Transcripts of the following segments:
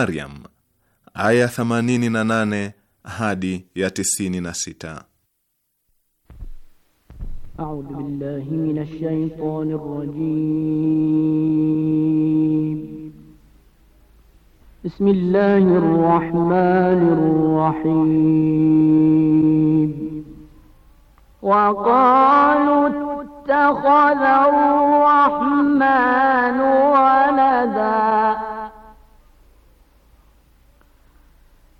Maryam aya 88 hadi ya 96. A'udhu billahi minash shaitani rrajim. Bismillahir rahmanir rahim. Wa qalu ittakhadha ar-rahmanu walada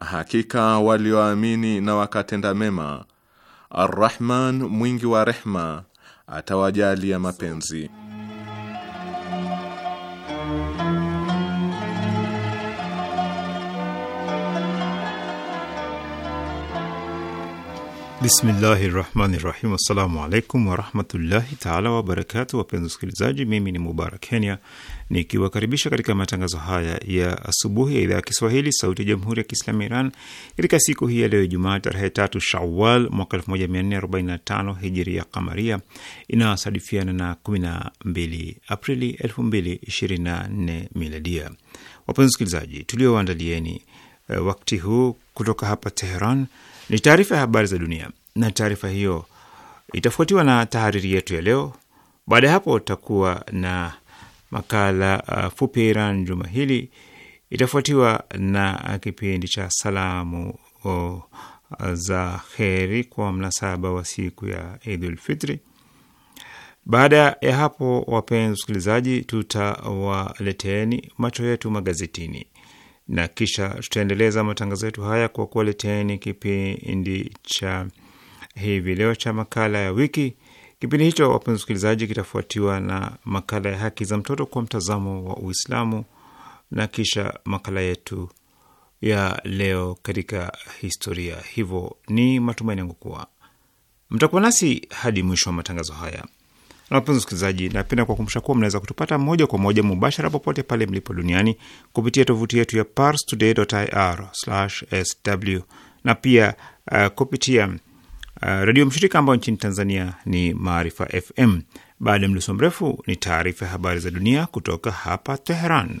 Hakika walioamini na wakatenda mema, Arrahman mwingi wa rehma atawajalia mapenzi. Bismillahi rahmani rahim. Assalamu alaikum warahmatullahi taala wabarakatu. Wapenzi wasikilizaji, mimi ni Mubarak Kenya nikiwakaribisha katika matangazo haya ya asubuhi ya idhaa ya Kiswahili sauti ya jamhuri ya Kiislamu ya Iran katika siku hii ya leo Ijumaa tarehe tatu Shawal mwaka 1445 hijiri ya kamaria inayosadifiana na 12 Aprili nne miladia. Wapenzi wasikilizaji, tuliowaandalieni eh, wakti huu kutoka hapa Teheran ni taarifa ya habari za dunia, na taarifa hiyo itafuatiwa na tahariri yetu ya leo. Baada ya hapo, utakuwa na makala fupi uh, fupi Iran juma hili, itafuatiwa na kipindi cha salamu uh, za kheri kwa mnasaba wa siku ya Idul Fitri. Baada ya hapo, wapenzi wasikilizaji, tutawaleteni macho yetu magazetini na kisha tutaendeleza matangazo yetu haya kwa kuwaleteni kipindi cha hivi leo cha makala ya wiki Kipindi hicho wapenzi wasikilizaji, kitafuatiwa na makala ya haki za mtoto kwa mtazamo wa Uislamu na kisha makala yetu ya leo katika historia. Hivyo ni matumaini yangu kuwa mtakuwa nasi hadi mwisho wa matangazo haya. Na wapenzi wasikilizaji, napenda kuwakumbusha kuwa mnaweza kutupata moja kwa moja mubashara popote pale mlipo duniani kupitia tovuti yetu ya parstoday.ir/sw na pia uh, kupitia Uh, redio mshirika ambayo nchini Tanzania ni Maarifa FM. Baada ya mluso mrefu ni taarifa ya habari za dunia kutoka hapa Teheran.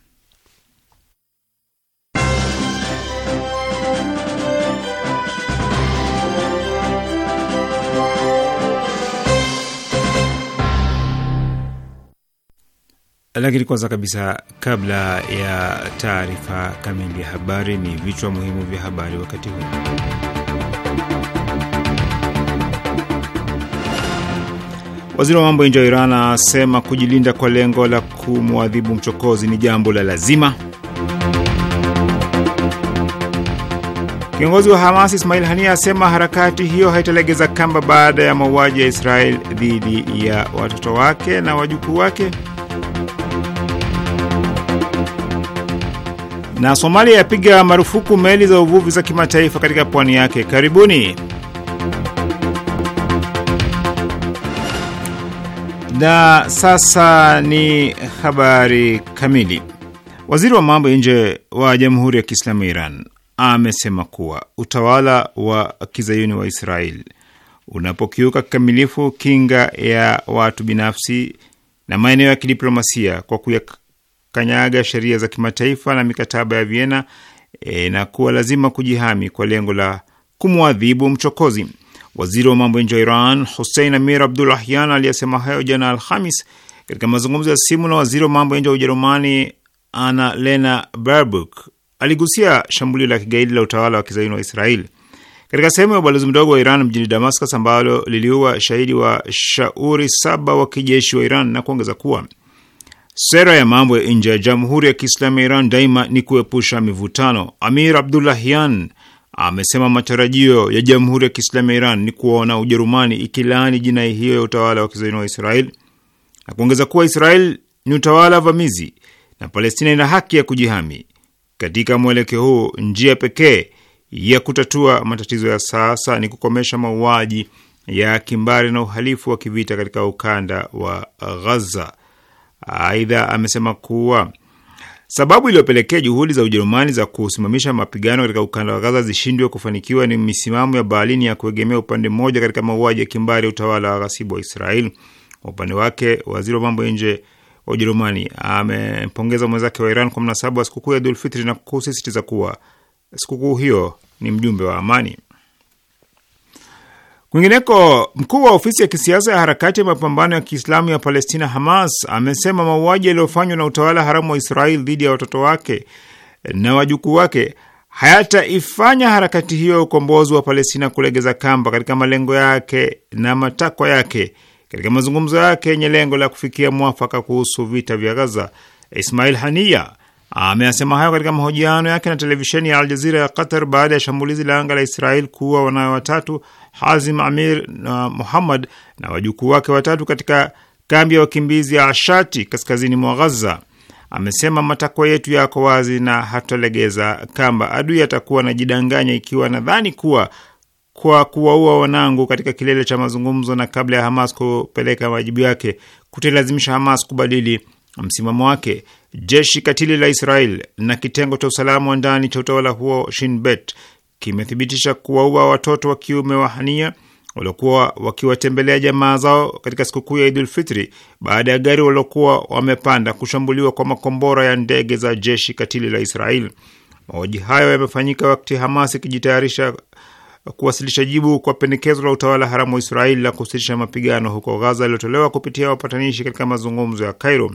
Lakini kwanza kabisa, kabla ya taarifa kamili ya habari, ni vichwa muhimu vya habari wakati huu. Waziri wa mambo ya nje wa Iran anasema kujilinda kwa lengo la kumwadhibu mchokozi ni jambo la lazima. Kiongozi wa Hamas Ismail Hania asema harakati hiyo haitalegeza kamba baada ya mauaji ya Israel dhidi ya watoto wake na wajukuu wake. na Somalia yapiga marufuku meli za uvuvi za kimataifa katika pwani yake. Karibuni. Na sasa ni habari kamili. Waziri wa mambo ya nje wa Jamhuri ya Kiislamu ya Iran amesema kuwa utawala wa kizayuni wa Israel unapokiuka kikamilifu kinga ya watu binafsi na maeneo ya kidiplomasia kwa kanyaga sheria za kimataifa na mikataba ya Vienna e, na kuwa lazima kujihami kwa lengo la kumwadhibu mchokozi. Waziri wa mambo ya nje wa Iran Hussein Amir Abdollahian aliyesema hayo jana Alhamis katika mazungumzo ya simu na waziri wa mambo ya nje wa Ujerumani Anna Lena Baerbock aligusia shambulio la kigaidi la utawala wa kizaini wa Israeli katika sehemu ya ubalozi mdogo wa Iran mjini Damascus ambalo liliua shahidi wa shauri saba wa kijeshi wa Iran na kuongeza kuwa Sera ya mambo ya nje ya Jamhuri ya Kiislamu ya Iran daima ni kuepusha mivutano. Amir Abdullahian amesema matarajio ya Jamhuri ya Kiislamu ya Iran ni kuona Ujerumani ikilaani jinai hiyo ya utawala wa kizayuni wa Israel na kuongeza kuwa Israel ni utawala vamizi na Palestina ina haki ya kujihami. Katika mwelekeo huu, njia pekee ya kutatua matatizo ya sasa ni kukomesha mauaji ya kimbari na uhalifu wa kivita katika ukanda wa Ghaza. Aidha, amesema kuwa sababu iliyopelekea juhudi za Ujerumani za kusimamisha mapigano katika ukanda wa Gaza zishindwe kufanikiwa ni misimamo ya Berlin ya kuegemea upande mmoja katika mauaji ya kimbari ya utawala wa ghasibu wa israel Kwa upande wake, waziri wa mambo ya nje wa Ujerumani amempongeza mwenzake wa Iran kwa mnasaba wa sikukuu ya Dhulfitri na kusisitiza kuwa sikukuu hiyo ni mjumbe wa amani. Kwingineko, mkuu wa ofisi ya kisiasa ya harakati ya mapambano ya Kiislamu ya Palestina, Hamas, amesema mauaji yaliyofanywa na utawala haramu wa Israeli dhidi ya watoto wake na wajukuu wake hayataifanya harakati hiyo ya ukombozi wa Palestina kulegeza kamba katika malengo yake na matakwa yake katika mazungumzo yake yenye lengo la kufikia mwafaka kuhusu vita vya Gaza. Ismail haniya Ameyasema hayo katika mahojiano yake na televisheni ya Aljazira ya Qatar baada ya shambulizi la anga la Israel kuua wanawe watatu Hazim Amir na Muhammad na wajukuu wake watatu katika kambi ya wakimbizi ya Ashati kaskazini mwa Ghaza. Amesema matakwa yetu yako wazi na hatolegeza kamba. Adui atakuwa anajidanganya ikiwa nadhani kuwa kwa kuwaua wanangu katika kilele cha mazungumzo na kabla ya Hamas kupeleka majibu yake kutailazimisha Hamas kubadili msimamo wake. Jeshi katili la Israel na kitengo cha usalama wa ndani cha utawala huo Shinbet kimethibitisha kuwaua watoto wa kiume wa Hania waliokuwa wakiwatembelea jamaa zao katika sikukuu ya Idul Fitri baada ya gari waliokuwa wamepanda kushambuliwa kwa makombora ya ndege za jeshi katili la Israel. Mauaji hayo yamefanyika wakati Hamas ikijitayarisha kuwasilisha jibu kwa pendekezo la utawala haramu wa Israeli la kusitisha mapigano huko Gaza yaliyotolewa kupitia wapatanishi katika mazungumzo ya Cairo.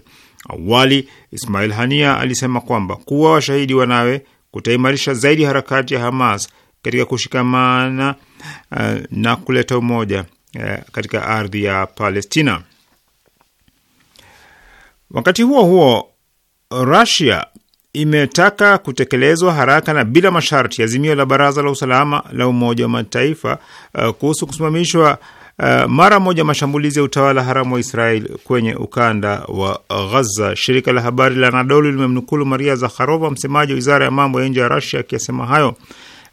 Awali Ismail Hania alisema kwamba kuwa washahidi wanawe kutaimarisha zaidi harakati ya Hamas katika kushikamana uh, na kuleta umoja uh, katika ardhi ya Palestina. Wakati huo huo, Rusia imetaka kutekelezwa haraka na bila masharti azimio la Baraza la Usalama la Umoja wa Mataifa uh, kuhusu kusimamishwa Uh, mara moja mashambulizi ya utawala haramu wa Israel kwenye ukanda wa Ghaza. Shirika la habari la Anadolu limemnukulu Maria Zakharova, msemaji wa wizara ya mambo ya nje ya Rasia, akisema hayo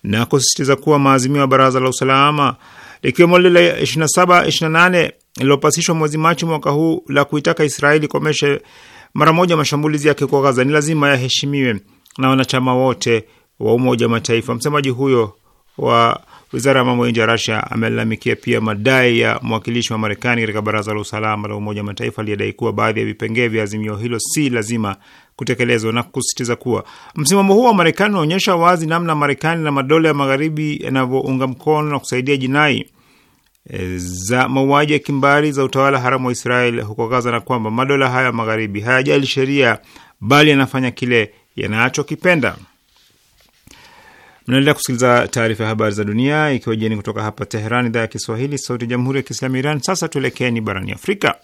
na kusisitiza kuwa maazimio ya baraza la usalama likiwemo lile la 27 28 lilopasishwa mwezi Machi mwaka huu la kuitaka Israeli ikomeshe mara moja mashambulizi yake kwa Gaza ni lazima yaheshimiwe na wanachama wote wa Umoja wa Mataifa. Msemaji huyo wa Wizara ya mambo ya nje ya Rasia amelalamikia pia madai ya mwakilishi wa Marekani katika Baraza la Usalama la Umoja wa Mataifa aliyedai kuwa baadhi ya vipengee vya azimio hilo si lazima kutekelezwa na kusisitiza kuwa msimamo huo wa Marekani unaonyesha wazi namna Marekani na madola ya Magharibi yanavyounga mkono na kusaidia jinai e, za mauaji ya kimbari za utawala haramu wa Israel huko Gaza, na kwamba madola haya ya Magharibi hayajali sheria bali yanafanya kile yanachokipenda. Mnaendelea kusikiliza taarifa ya habari za dunia ikiwa jeni kutoka hapa Teheran, idhaa ya Kiswahili, sauti ya jamhuri ya kiislamu Iran. Sasa tuelekeeni barani Afrika.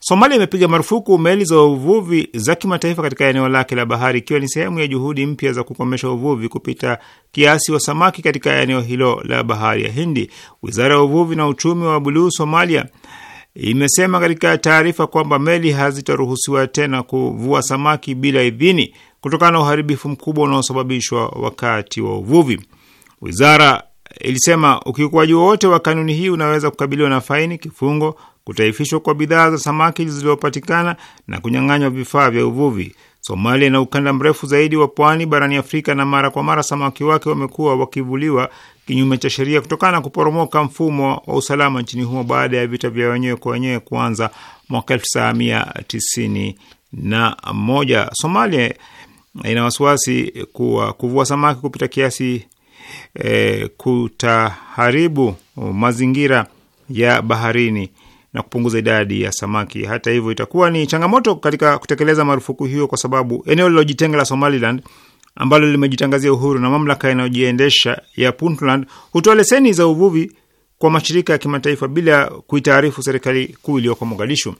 Somalia imepiga marufuku meli za uvuvi za kimataifa katika eneo lake la bahari ikiwa ni sehemu ya juhudi mpya za kukomesha uvuvi kupita kiasi wa samaki katika eneo hilo la bahari ya Hindi. Wizara ya uvuvi na uchumi wa buluu Somalia imesema katika taarifa kwamba meli hazitaruhusiwa tena kuvua samaki bila idhini kutokana na uharibifu mkubwa unaosababishwa wakati wa uvuvi. Wizara ilisema ukiukuaji wowote wa kanuni hii unaweza kukabiliwa na faini, kifungo, kutaifishwa kwa bidhaa za samaki zilizopatikana na kunyang'anywa vifaa vya uvuvi. Somalia ina ukanda mrefu zaidi wa pwani barani Afrika na mara kwa mara samaki wake wamekuwa wakivuliwa kinyume cha sheria kutokana na kuporomoka mfumo wa usalama nchini humo baada ya vita vya wenyewe kwa wenyewe kuanza mwaka 1991. Somalia ina wasiwasi kuwa kuvua samaki kupita kiasi e, kutaharibu mazingira ya baharini na kupunguza idadi ya samaki. Hata hivyo, itakuwa ni changamoto katika kutekeleza marufuku hiyo, kwa sababu eneo lilojitenga la Somaliland ambalo limejitangazia uhuru na mamlaka yanayojiendesha ya Puntland hutoa leseni za uvuvi kwa mashirika ya kimataifa bila kuitaarifu serikali kuu iliyoko Mogadishu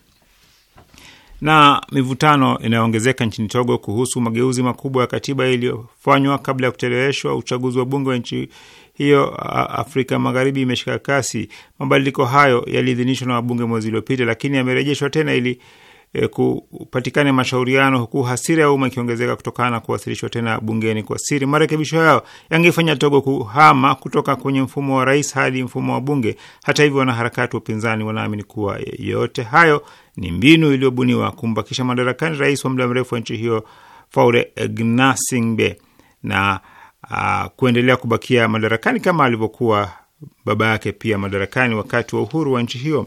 na mivutano inayoongezeka nchini Togo kuhusu mageuzi makubwa ya katiba iliyofanywa kabla ya kucheleweshwa uchaguzi wa bunge wa nchi hiyo Afrika Magharibi imeshika kasi. Mabadiliko hayo yaliidhinishwa na wabunge mwezi uliopita, lakini yamerejeshwa tena ili Eh, kupatikana mashauriano, huku hasira ya umma ikiongezeka kutokana na kuwasilishwa tena bungeni kwa siri. Marekebisho hayo yangefanya Togo kuhama kutoka kwenye mfumo wa rais hadi mfumo wa bunge. Hata hivyo, wanaharakati wa upinzani wanaamini kuwa yote hayo ni mbinu iliyobuniwa kumbakisha madarakani rais wa muda mrefu wa nchi hiyo Faure Gnasingbe na uh, kuendelea kubakia madarakani kama alivyokuwa baba yake pia madarakani wakati wa uhuru wa nchi hiyo.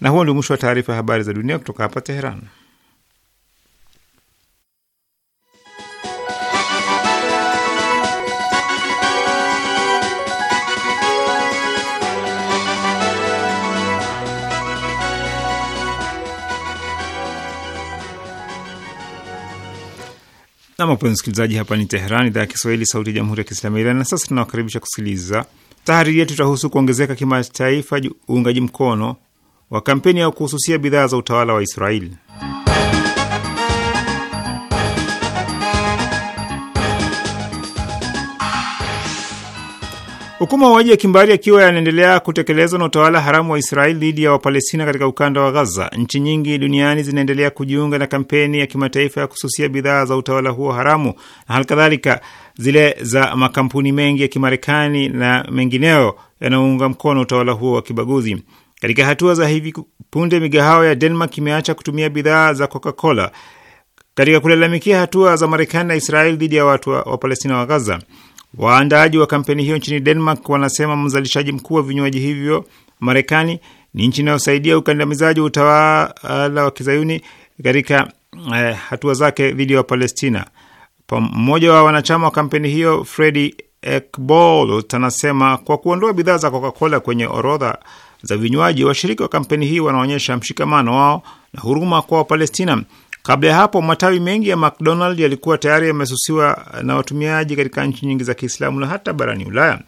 Na huo ndio mwisho wa taarifa ya habari za dunia kutoka hapa Teheran. Nam, wapenzi msikilizaji, hapa ni Teheran, idhaa ya Kiswahili, sauti ya jamhuri ya kiislamu ya Iran. Na sasa tunawakaribisha kusikiliza tahariri yetu itahusu kuongezeka kimataifa uungaji mkono wa kampeni ya kuhususia bidhaa za utawala wa Israeli. Huku mauaji ya kimbari yakiwa yanaendelea kutekelezwa na utawala haramu wa Israeli dhidi ya Wapalestina katika ukanda wa Gaza, nchi nyingi duniani zinaendelea kujiunga na kampeni ya kimataifa ya kususia bidhaa za utawala huo haramu, na halikadhalika zile za makampuni mengi ya Kimarekani na mengineyo yanaounga mkono utawala huo wa kibaguzi. Katika hatua za hivi punde, migahawa ya Denmark imeacha kutumia bidhaa za Coca-Cola katika kulalamikia hatua za Marekani na Israel dhidi ya watu wa, wa Palestina wa Gaza. Waandaaji wa kampeni hiyo nchini Denmark wanasema mzalishaji mkuu wa vinywaji hivyo Marekani ni nchi inayosaidia ukandamizaji wa utawala wa kizayuni katika eh, hatua zake dhidi ya Wapalestina. Mmoja wa wanachama wa kampeni hiyo Fredi Ekbol anasema kwa kuondoa bidhaa za Coca-Cola kwenye orodha za vinywaji, washiriki wa kampeni hii wanaonyesha mshikamano wao na huruma kwa Wapalestina. Kabla ya hapo matawi mengi ya McDonald yalikuwa tayari yamesusiwa na watumiaji katika nchi nyingi za Kiislamu na hata barani Ulaya.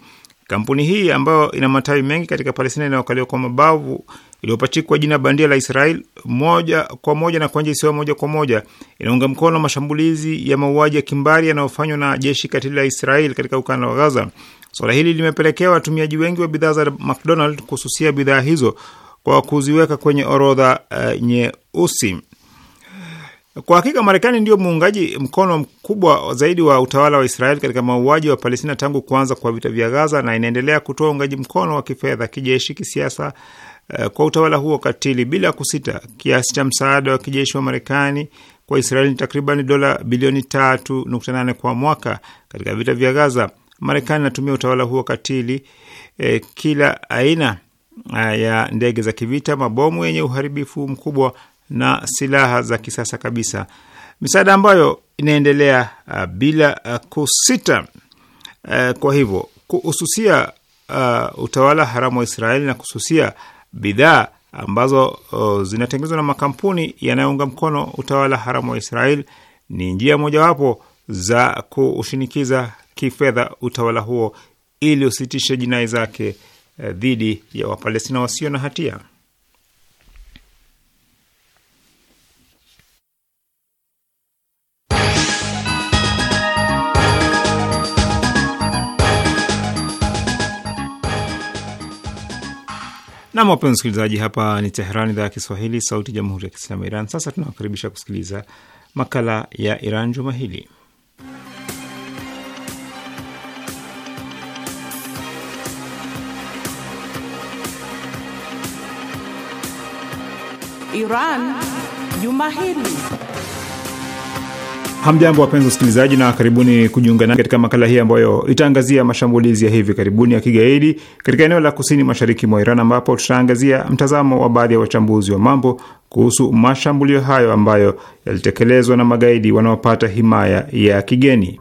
Kampuni hii ambayo ina matawi mengi katika Palestina inayokaliwa kwa mabavu, iliyopachikwa jina bandia la Israel moja kwa moja na kwa nje isiyo moja kwa moja, inaunga mkono mashambulizi ya mauaji ya kimbari yanayofanywa na jeshi katili la Israel katika ukanda wa Gaza. Suala hili limepelekea watumiaji wengi wa bidhaa za McDonald kususia bidhaa hizo kwa kuziweka kwenye orodha uh, nyeusi. Kwa hakika Marekani ndio muungaji mkono mkubwa zaidi wa utawala wa Israeli katika mauaji wa Palestina tangu kuanza kwa vita vya Gaza, na inaendelea kutoa uungaji mkono wa kifedha, kijeshi, kisiasa uh, kwa utawala huo katili bila kusita. Kiasi cha msaada wa kijeshi wa Marekani kwa Israeli ni takriban dola bilioni 3.8 kwa mwaka katika vita vya Gaza. Marekani inatumia utawala huo katili e, kila aina eh, ya ndege za kivita, mabomu yenye uharibifu mkubwa na silaha za kisasa kabisa, misaada ambayo inaendelea a, eh, bila a, kusita. A, kwa hivyo kuhususia Uh, utawala haramu wa Israeli na kususia bidhaa ambazo uh, zinatengenezwa na makampuni yanayounga mkono utawala haramu wa Israeli ni njia mojawapo za kushinikiza kifedha utawala huo ili usitishe jinai zake eh, dhidi ya Wapalestina wasio na hatia. Nam, wapenzi msikilizaji, hapa ni Teheran, idhaa ya Kiswahili, sauti ya jamhuri ya kiislamu ya Iran. Sasa tunawakaribisha kusikiliza makala ya Iran juma hili. Iran juma hili. Hamjambo, wapenzi wasikilizaji, na karibuni kujiunga nami katika makala hii ambayo itaangazia mashambulizi ya hivi karibuni ya kigaidi katika eneo la kusini mashariki mwa Iran, ambapo tutaangazia mtazamo wa baadhi ya wachambuzi wa mambo kuhusu mashambulio hayo ambayo yalitekelezwa na magaidi wanaopata himaya ya kigeni.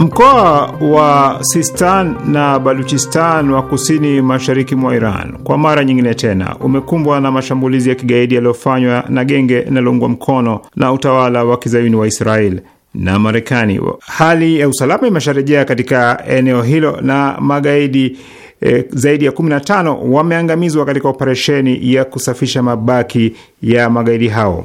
Mkoa wa Sistan na Baluchistan wa kusini mashariki mwa Iran kwa mara nyingine tena umekumbwa na mashambulizi ya kigaidi yaliyofanywa na genge linaloungwa mkono na utawala wa kizayuni wa Israel na Marekani. Hali ya usalama imesharejea katika eneo hilo na magaidi E, zaidi ya 15 wameangamizwa katika operesheni ya kusafisha mabaki ya magaidi hao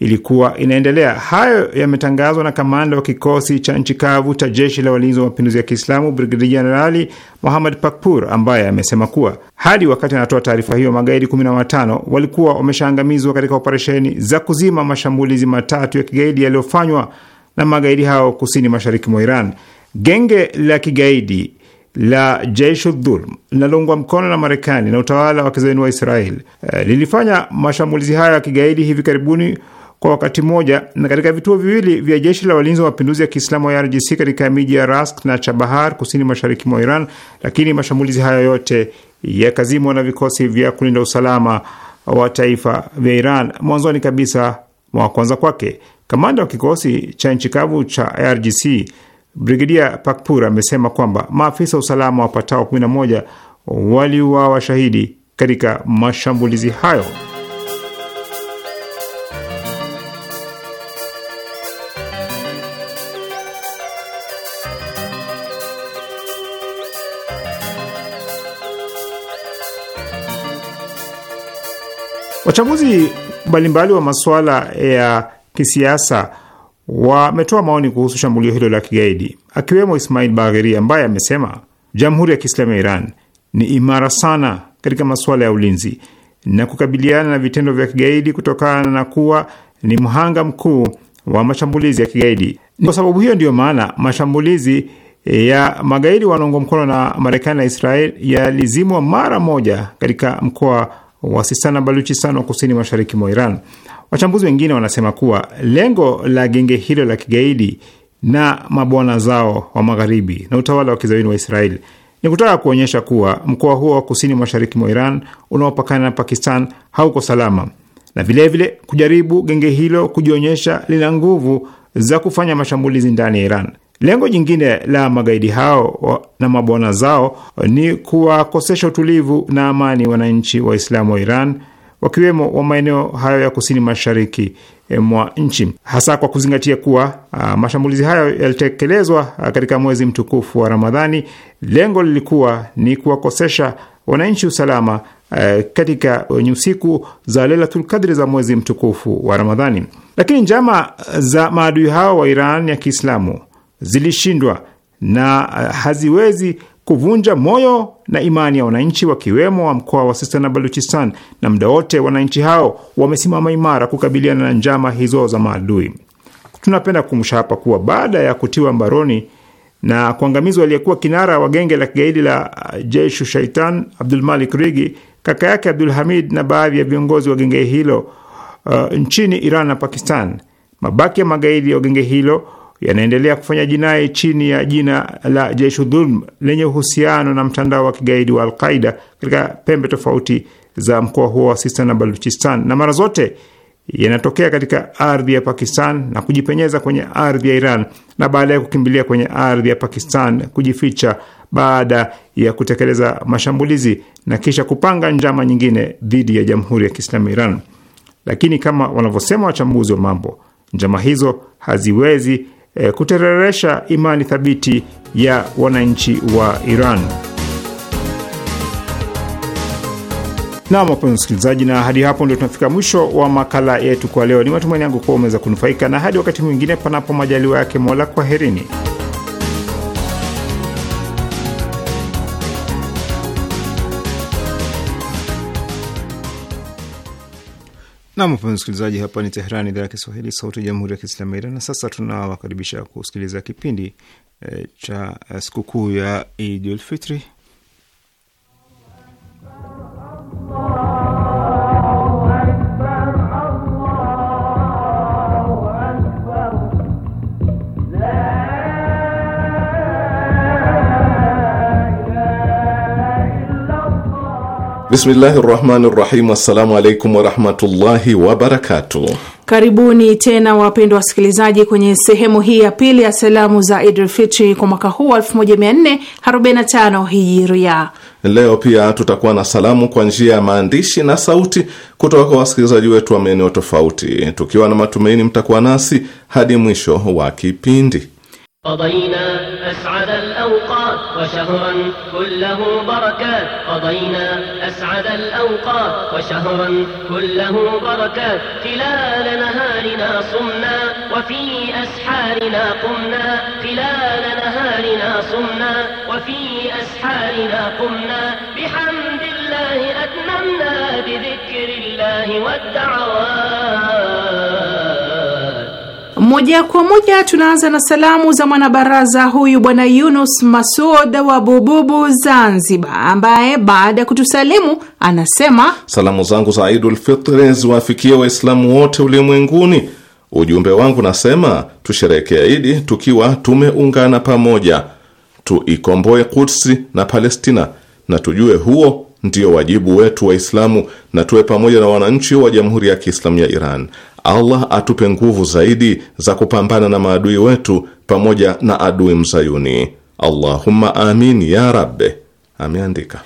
ilikuwa inaendelea. Hayo yametangazwa na kamanda wa kikosi cha nchi kavu cha jeshi la walinzi wa mapinduzi ya Kiislamu, Brigadi Jenerali Mohamad Pakpur, ambaye amesema kuwa hadi wakati anatoa taarifa hiyo magaidi 15 walikuwa wameshaangamizwa katika operesheni za kuzima mashambulizi matatu ya kigaidi yaliyofanywa na magaidi hao kusini mashariki mwa Iran. Genge la kigaidi la Jaish Udhulm linaloungwa mkono na Marekani na utawala wa kizayuni wa Israel eh, lilifanya mashambulizi hayo ya kigaidi hivi karibuni kwa wakati mmoja na katika vituo viwili vya jeshi la walinzi wa mapinduzi ya Kiislamu wa IRGC katika miji ya Rask na Chabahar kusini mashariki mwa Iran, lakini mashambulizi hayo yote yakazimwa na vikosi vya kulinda usalama wa taifa vya Iran mwanzoni kabisa mwa kwanza kwake. Kamanda wa kikosi cha nchi kavu cha IRGC Brigedia Pakpur amesema kwamba maafisa wa usalama wapatao 11 waliuawa shahidi katika mashambulizi hayo. Wachambuzi mbalimbali wa masuala ya kisiasa wametoa maoni kuhusu shambulio hilo la kigaidi, akiwemo Ismail Bagheri ambaye amesema Jamhuri ya Kiislamu ya Iran ni imara sana katika masuala ya ulinzi na kukabiliana na vitendo vya kigaidi kutokana na kuwa ni mhanga mkuu wa mashambulizi ya kigaidi. Kwa sababu hiyo ndiyo maana mashambulizi eh, ya magaidi wanaungwa mkono na Marekani na Israel yalizimwa mara moja katika mkoa wa Sistan na Baluchistan wa kusini mashariki mwa Iran. Wachambuzi wengine wanasema kuwa lengo la genge hilo la kigaidi na mabwana zao wa magharibi na utawala wa kizawini wa Israeli ni kutaka kuonyesha kuwa mkoa huo wa kusini mashariki mwa Iran unaopakana na Pakistan hauko salama na vilevile vile, kujaribu genge hilo kujionyesha lina nguvu za kufanya mashambulizi ndani ya Iran. Lengo jingine la magaidi hao na mabwana zao ni kuwakosesha utulivu na amani wananchi Waislamu wa Iran wakiwemo wa maeneo hayo ya kusini mashariki eh, mwa nchi, hasa kwa kuzingatia kuwa a, ah, mashambulizi hayo yalitekelezwa ah, katika mwezi mtukufu wa Ramadhani. Lengo lilikuwa ni kuwakosesha wananchi usalama a, eh, katika nyusiku za Lailatul Qadri za mwezi mtukufu wa Ramadhani, lakini njama ah, za maadui hao wa Iran ya Kiislamu zilishindwa na haziwezi kuvunja moyo na imani ya wananchi wakiwemo wa mkoa wa Sistan na Baluchistan, na muda wote wananchi hao wamesimama imara kukabiliana na njama hizo za maadui. Tunapenda kukumbusha hapa kuwa baada ya kutiwa mbaroni na kuangamizwa aliyekuwa kinara wa genge la kigaidi la uh, Jeshu Shaitan Abdulmalik Rigi, kaka yake Abdul Hamid na baadhi ya viongozi wa genge hilo uh, nchini Iran na Pakistan, mabaki ya magaidi wa genge hilo yanaendelea kufanya jinai chini ya jina la dhulm lenye uhusiano na mtandao wa kigaidi wa Alqaida katika pembe tofauti za mkoa huo wa Sistan na Baluchistan, na mara zote yanatokea katika ardhi ya Pakistan na kujipenyeza kwenye ardhi ya Iran na baadaye kukimbilia kwenye ardhi ya Pakistan kujificha baada ya kutekeleza mashambulizi na kisha kupanga njama nyingine dhidi ya Jamhuri ya Kiislamu Iran. Lakini kama wanavyosema wachambuzi wa mambo, njama hizo haziwezi e, eh, kutereresha imani thabiti ya wananchi wa Iran. Nam, wapenzi msikilizaji, na hadi hapo ndio tunafika mwisho wa makala yetu kwa leo. Ni matumaini yangu kuwa umeweza kunufaika, na hadi wakati mwingine, panapo majaliwa yake Mola, kwaherini. Nam, mpenzi msikilizaji, hapa ni Teherani, idhaa ya Kiswahili, sauti ya jamhuri ya kiislamu ya Iran. Na sasa tunawakaribisha kusikiliza kipindi e, cha eh, sikukuu ya Idulfitri. Bismillahi rahmani rahim. Assalamu alaikum warahmatullahi wabarakatuh. Karibuni tena wapendwa wasikilizaji kwenye sehemu hii ya pili ya salamu za Idul Fitri kwa mwaka huu 1445 Hijiria. Leo pia tutakuwa na salamu kwa njia ya maandishi na sauti kutoka kwa wasikilizaji wetu wa maeneo tofauti, tukiwa na matumaini mtakuwa nasi hadi mwisho wa kipindi. قضينا أسعد الأوقات وشهرا كله بركات قضينا أسعد الأوقات وشهرا كله بركات خلال نهارنا صمنا وفي أسحارنا قمنا خلال نهارنا صمنا وفي أسحارنا قمنا بحمد الله أتممنا بذكر الله والدعوات Moja kwa moja tunaanza na salamu za mwanabaraza huyu bwana Yunus Masud wa Bububu, Zanzibar, ambaye baada ya kutusalimu anasema salamu zangu za Idul Fitri ziwafikie Waislamu wote ulimwenguni. Ujumbe wangu nasema tusherekee Idi tukiwa tumeungana pamoja, tuikomboe Kudsi na Palestina, na tujue huo Ndiyo wajibu wetu Waislamu, na tuwe pamoja na wananchi wa Jamhuri ya Kiislamu ya Iran. Allah atupe nguvu zaidi za kupambana na maadui wetu pamoja na adui mzayuni. Allahumma amin ya rabbe, ameandika.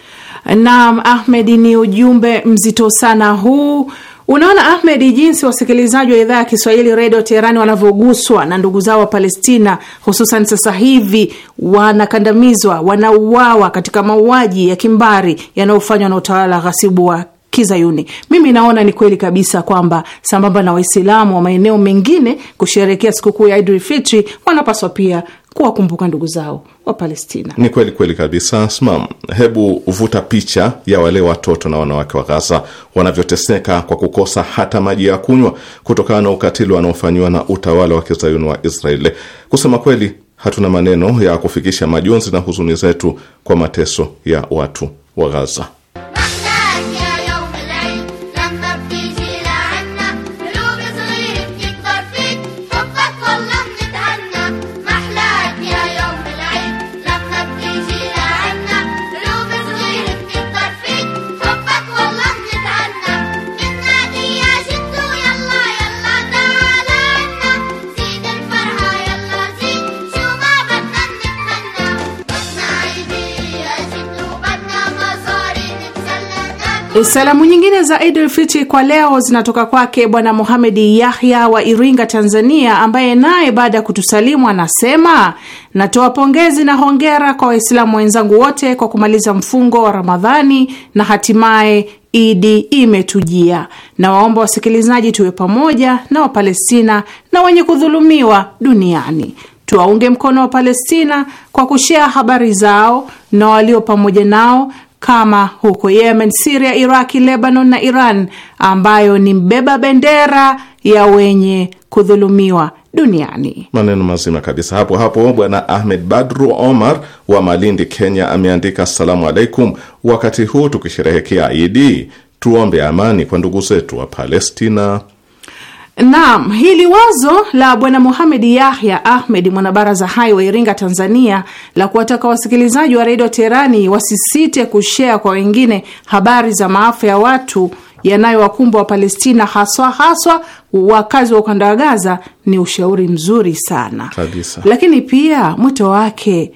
Naam, Ahmed, ni ujumbe mzito sana huu Unaona Ahmed, jinsi wasikilizaji wa idhaa ya Kiswahili redio Teherani wanavyoguswa na ndugu zao wa Palestina, hususan sasa hivi wanakandamizwa, wanauawa katika mauaji ya kimbari yanayofanywa na utawala ghasibu wa kizayuni. Mimi naona ni kweli kabisa kwamba sambamba na Waislamu wa maeneo mengine kusherehekea sikukuu ya Idul Fitri, wanapaswa pia kuwakumbuka ndugu zao wa Palestina. Ni kweli kweli kabisa. sma hebu vuta picha ya wale watoto na wanawake wa Gaza wanavyoteseka kwa kukosa hata maji ya kunywa kutokana na ukatili wanaofanyiwa na utawala wa kizayuni wa Israeli. Kusema kweli, hatuna maneno ya kufikisha majonzi na huzuni zetu kwa mateso ya watu wa Gaza. Salamu nyingine za Idul Fitri kwa leo zinatoka kwake Bwana muhamedi Yahya wa Iringa, Tanzania, ambaye naye baada ya kutusalimu anasema natoa pongezi na hongera kwa Waislamu wenzangu wote kwa kumaliza mfungo wa Ramadhani na hatimaye Idi imetujia. Na waomba wasikilizaji tuwe pamoja na Wapalestina na wenye kudhulumiwa duniani. Tuwaunge mkono wa Palestina kwa kushea habari zao na walio pamoja nao kama huko Yemen, Siria, Iraki, Lebanon na Iran, ambayo ni mbeba bendera ya wenye kudhulumiwa duniani. Maneno mazima kabisa. Hapo hapo Bwana Ahmed Badru Omar wa Malindi, Kenya, ameandika assalamu alaikum. Wakati huu tukisherehekea Idi, tuombe amani kwa ndugu zetu wa Palestina. Naam, hili wazo la bwana Muhamed Yahya Ahmed, mwanabaraza hai wa Iringa, Tanzania, la kuwataka wasikilizaji wa redio Teherani wasisite kushea kwa wengine habari za maafa ya watu wa Wapalestina, haswa haswa wakazi wa ukanda wa Gaza ni ushauri mzuri sana kabisa. Lakini pia mwito wake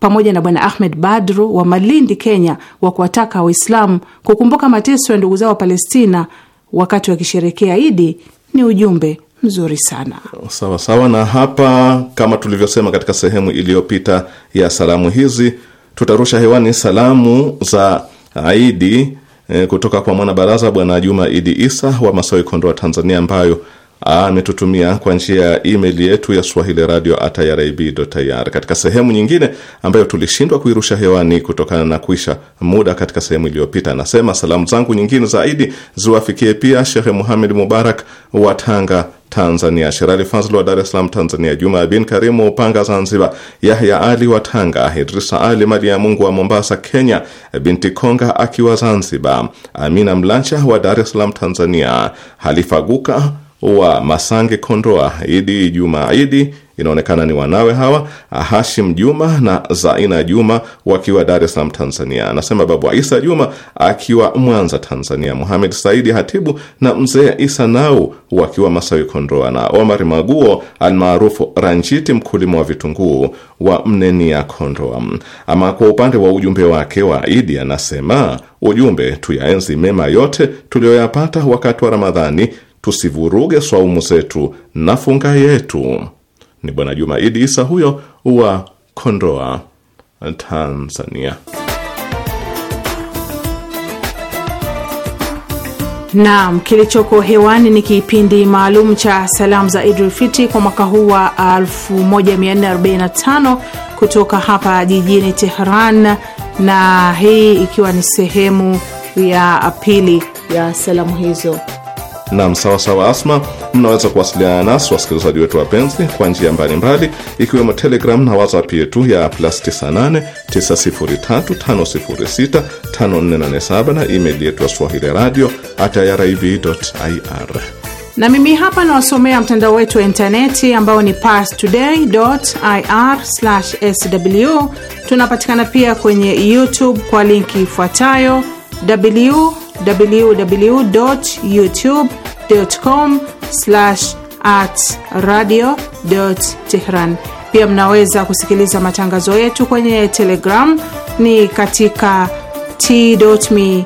pamoja na bwana Ahmed Badru wa Malindi, Kenya, wa kuwataka Waislamu kukumbuka mateso ya ndugu zao wa Palestina wakati wakisherekea Idi ni ujumbe mzuri sana. Sawa sawa, na hapa kama tulivyosema katika sehemu iliyopita ya salamu hizi, tutarusha hewani salamu za Aidi eh, kutoka kwa mwanabaraza Bwana Juma Idi Isa wa Masawi, Kondoa, Tanzania, ambayo ametutumia kwa njia ya email yetu ya swahili radio at irib.ir. Katika sehemu nyingine ambayo tulishindwa kuirusha hewani kutokana na kuisha muda katika sehemu iliyopita, anasema salamu zangu nyingine zaidi ziwafikie pia Shekhe Muhamed Mubarak wa Tanga Tanzania, Sherali Fazl wa Dar es Salaam Tanzania, Juma bin Karimu wa Upanga Zanzibar, Yahya Ali wa Tanga, Idrisa Ali mali ya Mungu wa Mombasa Kenya, Binti Konga akiwa Zanzibar, Amina Mlancha wa Dar es Salaam Tanzania, Halifa Guka wa Masange, Kondoa, Idi Juma Idi, inaonekana ni wanawe hawa Hashim Juma na Zaina Juma wakiwa Dar es Salaam, Tanzania. Anasema babu Isa Juma akiwa Mwanza, Tanzania, Muhamed Saidi Hatibu na mzee Isa Nau wakiwa Masawi, Kondoa, na Omar Maguo almaarufu Ranjiti, mkulima wa vitunguu wa Mneni ya Kondoa. Ama kwa upande wa ujumbe wake wa Idi anasema ujumbe, tuyaenzi mema yote tuliyoyapata wakati wa Ramadhani tusivuruge swaumu zetu na funga yetu. Ni Bwana Juma Idi Isa huyo wa Kondoa, Tanzania. Naam, kilichoko hewani ni kipindi maalum cha salamu za Idul fiti kwa mwaka huu wa 1445 kutoka hapa jijini Tehran, na hii ikiwa ni sehemu ya pili ya salamu hizo. Nam, sawa, Asma. Mnaweza kuwasiliana nasi wasikilizaji wetu wapenzi kwa njia mbalimbali, ikiwemo Telegram na WhatsApp yetu ya plus 98 na email yetu ya swahili radio at irib ir. Na mimi hapa nawasomea mtandao wetu wa intaneti ambao ni parstoday.ir/sw. Tunapatikana pia kwenye YouTube kwa linki ifuatayo www.youtube com at radio Tehran. Pia mnaweza kusikiliza matangazo yetu kwenye Telegram ni katika t.me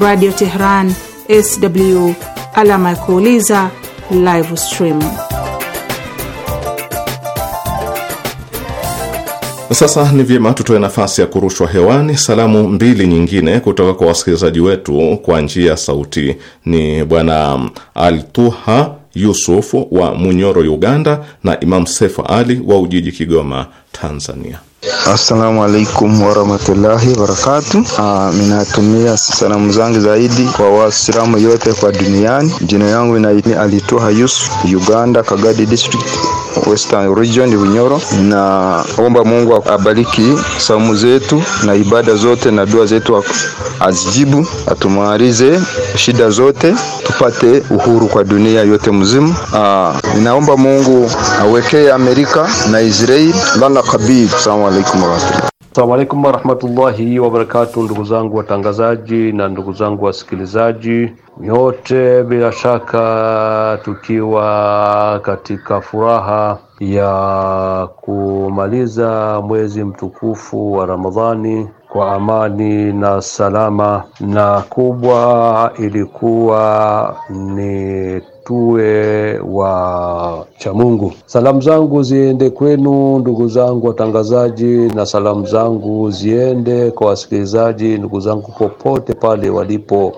radio Tehran sw alama ya kuuliza live stream. Sasa ni vyema tutoe nafasi ya kurushwa hewani salamu mbili nyingine kutoka kwa wasikilizaji wetu kwa njia sauti. Ni bwana Altuha Yusufu wa Munyoro, Uganda, na Imam sefu Ali wa Ujiji, Kigoma, Tanzania. Assalamu alaikum warahmatullahi wabarakatu. Ah, ninatumia salamu zangu zaidi kwa Waislamu yote kwa duniani. Jina yangu ni Alitoha Yusuf, Uganda, Kagadi District, Western Region, Bunyoro. omba Mungu abariki saumu zetu na ibada zote na dua zetu azijibu, atumalize shida zote, tupate uhuru kwa dunia yote mzima. Ah, ninaomba Mungu awekee Amerika na Israeli lana Mustafa Habib, assalamu alaykum warahmatullahi. Assalamu alaykum warahmatullahi wabarakatuh, ndugu zangu watangazaji na ndugu zangu wasikilizaji nyote, bila shaka tukiwa katika furaha ya kumaliza mwezi mtukufu wa Ramadhani kwa amani na salama, na kubwa ilikuwa ni tuwe wa chamungu. Salamu zangu ziende kwenu ndugu zangu watangazaji, na salamu zangu ziende kwa wasikilizaji, ndugu zangu popote pale walipo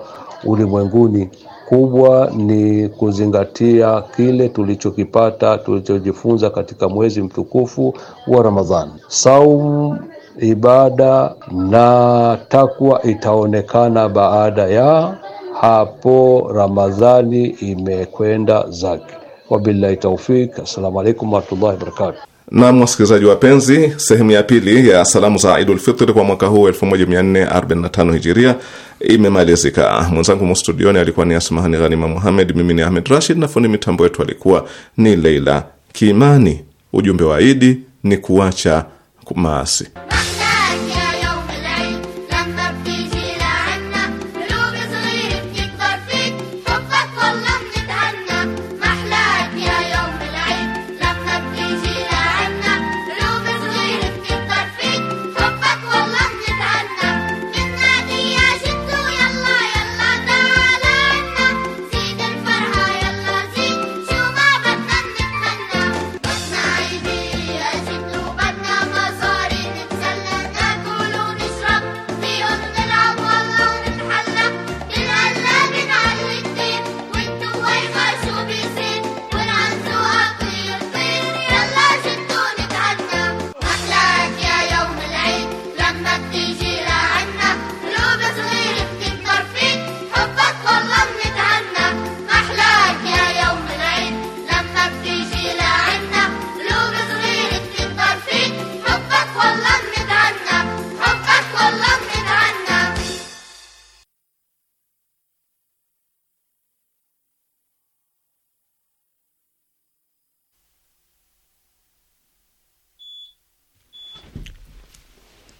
ulimwenguni. Kubwa ni kuzingatia kile tulichokipata, tulichojifunza katika mwezi mtukufu wa Ramadhani. Saum, ibada na takwa itaonekana baada ya hapo Ramadhani imekwenda zake. Wabillahi taufik, assalamu alaikum warahmatullahi wabarakatu. Nam, wasikilizaji wapenzi, sehemu ya pili ya salamu za Idul Fitri kwa mwaka huu 1445 hijiria imemalizika. Mwenzangu mustudioni alikuwa ni Asmahani Ghanima Muhamed, mimi ni Ahmed Rashid na fundi mitambo yetu alikuwa ni Leila Kimani. Ujumbe wa Idi ni kuacha maasi.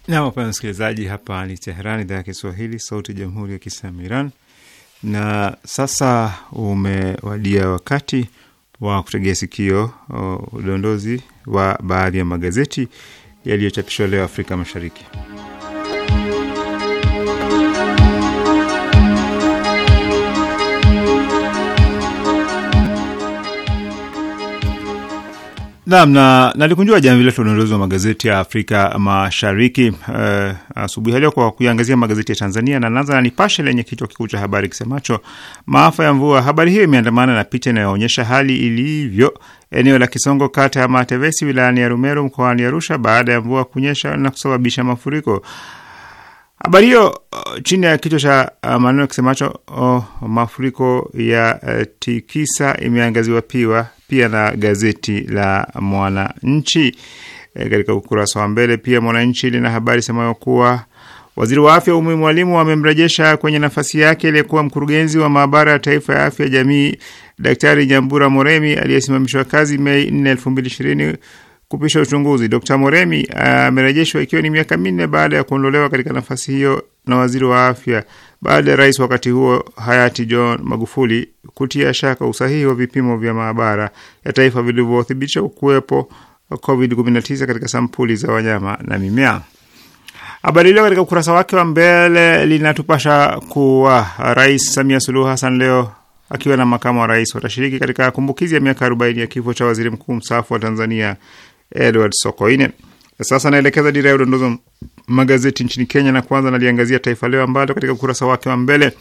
Nam, wapenda msikilizaji, hapa ni Teheran, idhaa ya Kiswahili, sauti ya jamhuri ya kiislamu Iran. Na sasa umewadia wakati wa kutegea sikio udondozi wa baadhi ya magazeti yaliyochapishwa leo Afrika Mashariki. Naam, na nalikunjua jamvi letu la wa magazeti ya Afrika Mashariki eh, asubuhi uh, leo kwa kuiangazia magazeti ya Tanzania na naanza na Nipashe lenye kichwa kikuu cha habari kisemacho maafa ya mvua. Habari hiyo imeandamana na picha inayoonyesha hali ilivyo eneo la Kisongo, kata ya Matevesi, wilayani ya Rumeru, mkoani Arusha baada ya mvua kunyesha na kusababisha mafuriko. Habari hiyo uh, chini ya kichwa cha uh, maneno kisemacho oh, mafuriko ya uh, tikisa imeangaziwa piwa pia na gazeti la Mwananchi e, katika ukurasa wa mbele. Pia Mwananchi lina habari semayo kuwa waziri wa afya Ummy Mwalimu amemrejesha kwenye nafasi yake aliyekuwa mkurugenzi wa maabara ya taifa ya afya jamii Daktari Nyambura Moremi aliyesimamishwa kazi Mei 4, 2020 kupisha uchunguzi. Dkt Moremi eh, amerejeshwa ikiwa ni miaka minne baada ya kuondolewa katika nafasi hiyo na waziri wa afya baada ya rais wakati huo hayati John Magufuli kutia shaka usahihi wa vipimo vya maabara ya taifa vilivyothibitisha kuwepo COVID-19 katika sampuli za wanyama na mimea. Habari hilo katika ukurasa wake wa mbele linatupasha kuwa Rais Samia Suluhu Hassan leo akiwa na makamu wa rais watashiriki katika kumbukizi ya miaka 40 ya kifo cha waziri mkuu mstaafu wa Tanzania Edward Sokoine. Sasa naelekeza dira ya udondozi magazeti nchini Kenya na kwanza naliangazia Taifa Leo ambalo katika ukurasa wake wa mbele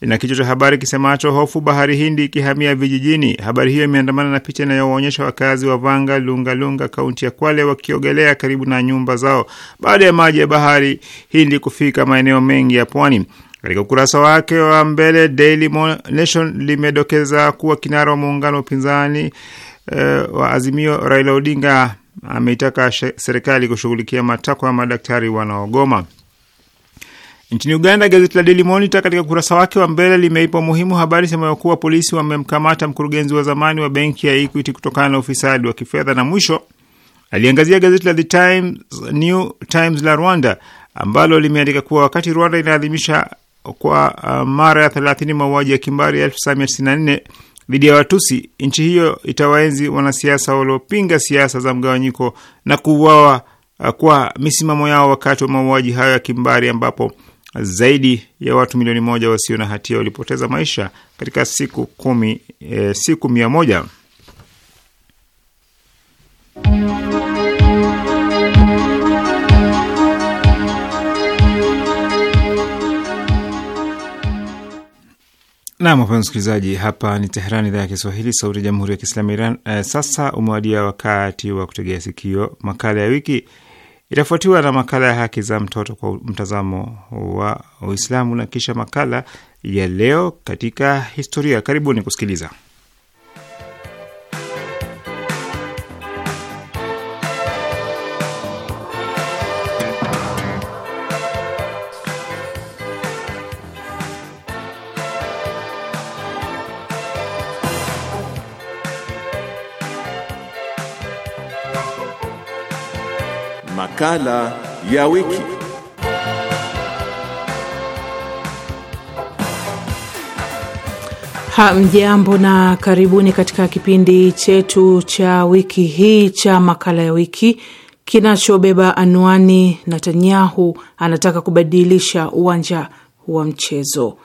lina kichwa cha habari kisemacho hofu bahari Hindi ikihamia vijijini. Habari hiyo imeandamana na picha inayowaonyesha wakazi wa Vanga, Lungalunga, kaunti ya Kwale wakiogelea karibu na nyumba zao baada ya maji ya bahari Hindi kufika maeneo mengi ya pwani. Katika ukurasa wake wa mbele Daily Nation limedokeza kuwa kinara wa muungano wa upinzani uh, wa Azimio Raila Odinga ameitaka serikali kushughulikia matakwa ya madaktari wanaogoma. Nchini Uganda, gazeti la Daily Monitor katika ukurasa wake wa mbele limeipa umuhimu habari sema kuwa polisi wamemkamata mkurugenzi wa zamani wa benki ya Equity kutokana na ufisadi wa kifedha. Na mwisho aliangazia gazeti la The Times, New Times la Rwanda ambalo limeandika kuwa wakati Rwanda inaadhimisha kwa uh, mara ya 30 mauaji ya kimbari ya 1994 dhidi ya Watusi, nchi hiyo itawaenzi wanasiasa waliopinga siasa za mgawanyiko na kuuawa uh, kwa misimamo yao wakati wa mauaji hayo ya kimbari, ambapo zaidi ya watu milioni moja wasio na hatia walipoteza maisha katika siku kumi, e, siku mia moja. Nam, wapenzi msikilizaji, hapa ni teheran idhaa ya Kiswahili, sauti ya jamhuri ya kiislamu ya Iran. E, sasa umewadia wakati wa kutegea sikio makala ya wiki, itafuatiwa na makala ya haki za mtoto kwa mtazamo wa Uislamu na kisha makala ya leo katika historia. Karibuni kusikiliza. Makala ya wiki. Hamjambo na karibuni katika kipindi chetu cha wiki hii cha makala ya wiki kinachobeba anwani Netanyahu anataka kubadilisha uwanja wa mchezo.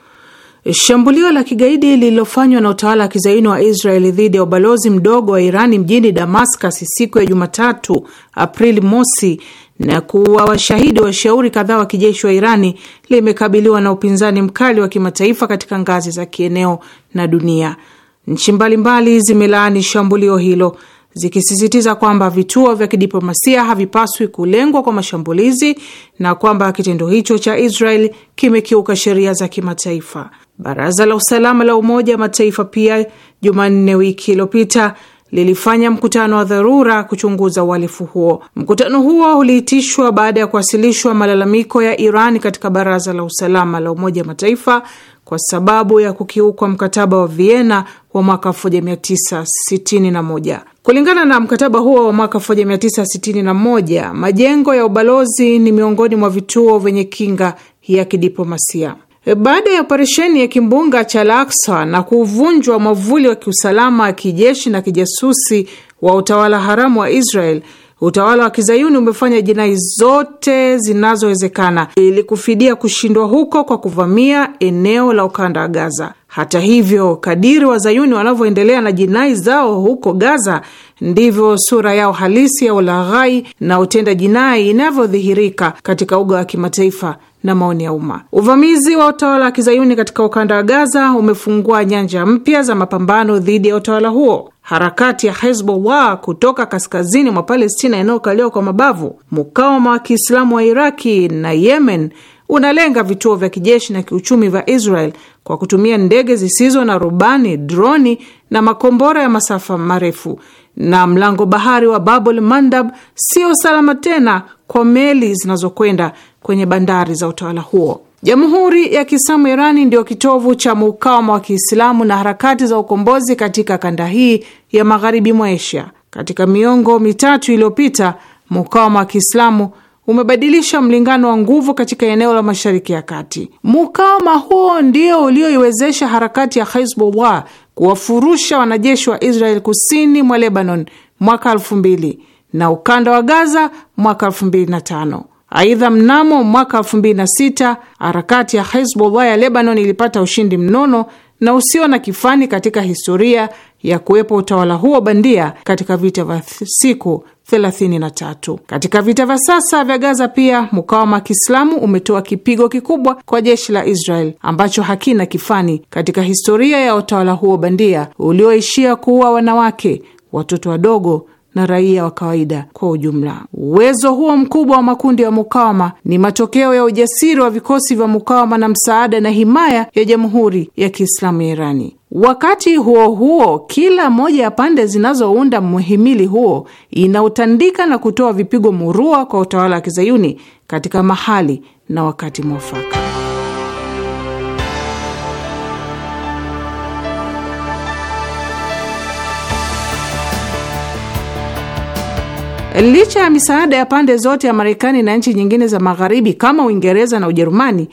Shambulio la kigaidi lililofanywa na utawala wa kizaini wa Israeli dhidi ya ubalozi mdogo wa Irani mjini Damascus siku ya Jumatatu, Aprili mosi, na kuwa washahidi washauri kadhaa wa kijeshi wa Irani limekabiliwa na upinzani mkali wa kimataifa katika ngazi za kieneo na dunia. Nchi mbalimbali zimelaani shambulio hilo zikisisitiza kwamba vituo vya kidiplomasia havipaswi kulengwa kwa mashambulizi na kwamba kitendo hicho cha Israel kimekiuka sheria za kimataifa. Baraza la usalama la Umoja wa Mataifa pia Jumanne wiki iliyopita lilifanya mkutano wa dharura kuchunguza uhalifu huo. Mkutano huo uliitishwa baada ya kuwasilishwa malalamiko ya Iran katika Baraza la Usalama la Umoja wa Mataifa kwa sababu ya kukiukwa mkataba wa Vienna wa mwaka 1961. Kulingana na mkataba huo wa mwaka 1961, majengo ya ubalozi ni miongoni mwa vituo vyenye kinga ya kidiplomasia. E, baada ya operesheni ya kimbunga cha Al-Aqsa na kuvunjwa mwavuli wa kiusalama wa kijeshi na kijasusi wa utawala haramu wa Israel, utawala wa kizayuni umefanya jinai zote zinazowezekana ili kufidia kushindwa huko kwa kuvamia eneo la ukanda wa Gaza. Hata hivyo, kadiri wazayuni wanavyoendelea na jinai zao huko Gaza, ndivyo sura yao halisi ya ulaghai na utenda jinai inavyodhihirika katika uga wa kimataifa na maoni ya umma. Uvamizi wa utawala wa kizayuni katika ukanda wa Gaza umefungua nyanja mpya za mapambano dhidi ya utawala huo. Harakati ya Hezbollah kutoka kaskazini mwa Palestina inayokaliwa kwa mabavu, mukawama wa Kiislamu wa Iraki na Yemen unalenga vituo vya kijeshi na kiuchumi vya Israel kwa kutumia ndege zisizo na rubani, droni na makombora ya masafa marefu na mlango bahari wa Babul Mandab sio salama tena kwa meli zinazokwenda kwenye bandari za utawala huo. Jamhuri ya Kiislamu Irani ndiyo kitovu cha mukawama wa Kiislamu na harakati za ukombozi katika kanda hii ya magharibi mwa Asia. Katika miongo mitatu iliyopita, mukawama wa Kiislamu umebadilisha mlingano wa nguvu katika eneo la Mashariki ya Kati. Mukawama huo ndio ulioiwezesha harakati ya Hezbollah kuwafurusha wanajeshi wa Israel kusini mwa Lebanon mwaka 2000 na ukanda wa Gaza mwaka 2005. Aidha, mnamo mwaka 2006 harakati ya Hezbollah ya Lebanon ilipata ushindi mnono na usio na kifani katika historia ya kuwepo utawala huo bandia katika vita vya siku 33. Katika vita vya sasa vya Gaza pia mukawama wa Kiislamu umetoa kipigo kikubwa kwa jeshi la Israel ambacho hakina kifani katika historia ya utawala huo bandia ulioishia kuua wanawake, watoto wadogo na raia wa kawaida kwa ujumla. Uwezo huo mkubwa wa makundi ya mukawama ni matokeo ya ujasiri wa vikosi vya mukawama na msaada na himaya ya Jamhuri ya Kiislamu ya Irani. Wakati huo huo, kila moja ya pande zinazounda muhimili huo inautandika na kutoa vipigo murua kwa utawala wa kizayuni katika mahali na wakati mwafaka. Licha ya misaada ya pande zote ya Marekani na nchi nyingine za Magharibi kama Uingereza na Ujerumani